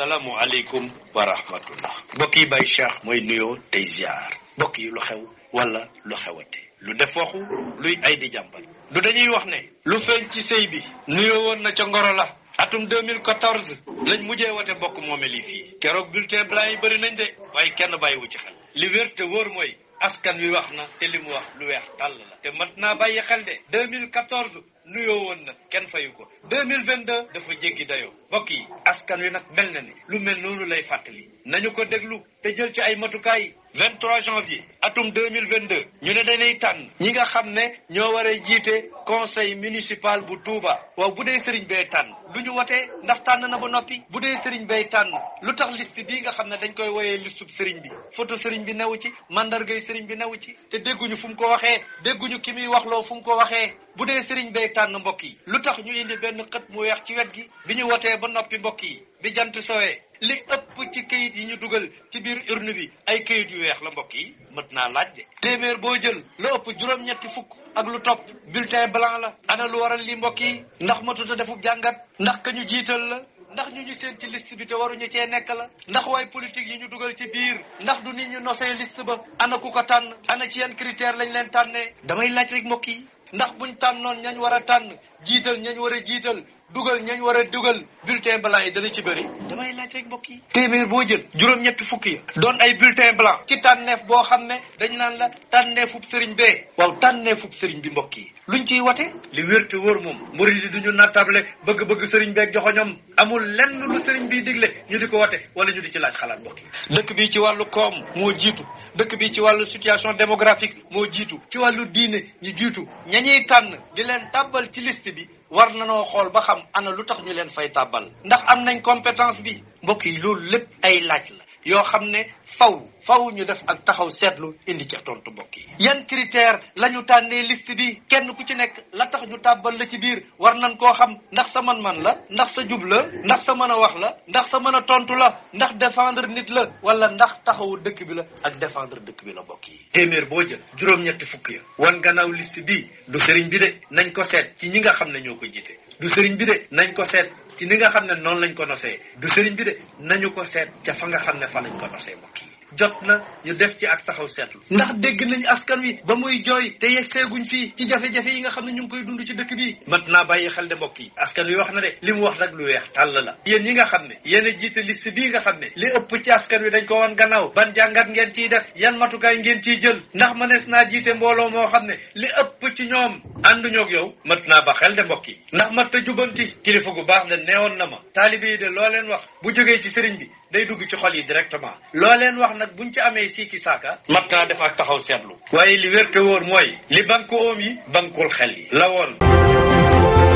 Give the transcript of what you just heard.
asalaamualeykum wa rahmatullah bokk yi Baye Cheikh mooy nuyoo tey ziar bokk yi lu xew wala lu xewate lu def waxu luy ay di jàmbal du dañuy wax ne lu feeñ ci sëy bi nuyo woon na ca ngoro la atum 2014 lañ mujjee wote bokk moomeel yi fii keroog bulletin blanc yi bëri nañ de waaye kenn bàyyiwu ci xel li wér te wóor mooy askan wi wax na te li mu wax lu weex tàll la te mat naa bàyyi xel de 2014 nuyoo woon na kenn fayu ko deux mille vingt deux dafa jéggi dayoo bokk yi askan wi nag mel na ni lu mel noonu lay fàttali nañu ko déglu te jël ci ay matukaay 23 janvier atum mille 2022 ñu ne dañuy tànn ñi nga xam ne ñoo war a jiite conseil municipal bu Touba waaw bu dee Serigne Bay tànn du ñu wotee ndax tànn na ba noppi bu dee Serigne Bay tànn lu tax liste bii nga xam ne dañ koy woyee listub Serigne bi photo Serigne bi newu ci mandargay sëriñ bi newu ci te dégguñu fu ko waxee dégguñu ki muy waxloo fu mu ko waxee bu dee Serigne tànn mbokk yi lu tax ñu indi benn xët mu weex ci wet gi bi ñu wotee ba noppi mbokk yi bi jant sowee li ëpp ci kayit yi ñu dugal ci biir urne bi ay kayit yu weex la mbokk yi mët naa laaj de téeméer boo jël la ëpp juróom fukk ak lu topp bulletin blanc la ana lu waral li mbokk yi ndax matuta defuk jàngat ndax ka ñu jiital la ndax ñu ñu seen ci liste bi te waruñu cee nekk la ndax waaye politique yi ñu dugal ci biir ndax du nit ñu nosee liste ba ana ku ko tànn ana ci yan critère lañ leen tànnee damay laaj rek mbokk yi ndax bu buñ tànnoon ñañ war a tànn jiital ñañ war a jiital dugal ñañ war a dugal bulletin blanc yi dana ci bëri damay laaj rek mbokk téeméer boo jël juróom-ñetti fukki ya doon ay bulletin blanc ci tànneef boo xam ne dañ naan la tànneefub sëriñ bee waaw tànneefub sëriñ bi mbokk lu ñu ciy wate li wér te wóor moom murid yi duñu nattable bëgg-bëgg sëriñ joxo joxoñom amul lenn lu sëriñ biy digle ñu di ko wate wala ñu di ci laaj xalaat mbokk dëkk bi ci wàllu koom moo jiitu dëkk bi ci wàllu situation démographique moo jiitu ci wàllu diine ñi jiitu ñañuy tànn di leen tàbbal ci liste bi war nanoo xool ba xam ana lu tax ñu leen fay tàbbal ndax am nañ compétence bi mbokk yi loolu lépp ay laaj la yoo xam ne faw faw ñu def ak taxaw seetlu indi ca tontu mbokk yi yan critère la ñu tànnee liste bi kenn ku ci nekk la tax ñu tàbbal la ci biir war nañ koo xam ndax sa man-man la ndax sa jub la ndax sa mën a wax la ndax sa mën a tontu la ndax défendre nit la wala ndax taxawu dëkk bi la ak défendre dëkk bi la mbokk yi téeméer boo jël juróom-ñetti fukk ya wan gannaaw liste bi du sëriñ bi de nañ ko seet ci ñi nga xam ne ñoo ko jiite du sëriñ bi de nañ ko seet ci ni nga xam ne noonu lañ ko nosee du sëriñ bi de nañu ko seet ca fa nga xam ne fa lañ ko nosee mbokk yi jot na ñu def ci ak taxaw seetlu ndax dégg nañu askan wi ba muy jooy te yegg seeguñ fii ci jafe-jafe yi nga xam ne ñu ngi koy dund ci dëkk bi mat naa bàyyi xel de mbokk yi askan wi wax na de li mu wax nag lu weex tàll la yéen yi nga xam ne yéen a jiite liste bii nga xam ne li ëpp ci askan wi dañ ko wan gannaaw ban jàngat ngeen ciy def yan matukaay ngeen ciy jël ndax mënees naa jiite mbooloo moo xam ne li ëpp ci ñoom ànduñoo ak yow mat naa ba xel de mbokk yi ndax mat ta jubanti kilifa gu baax ne neewoon na ma taalibe yi de loo leen wax bu jógee ci sëriñ bi day dugg ci xol yi directement loo leen wax nag buñ ci amee siiki saaka mat naa def ak taxaw seetlu waaye li wér te wóor mooy li banku oom yi bankul xel yi la woon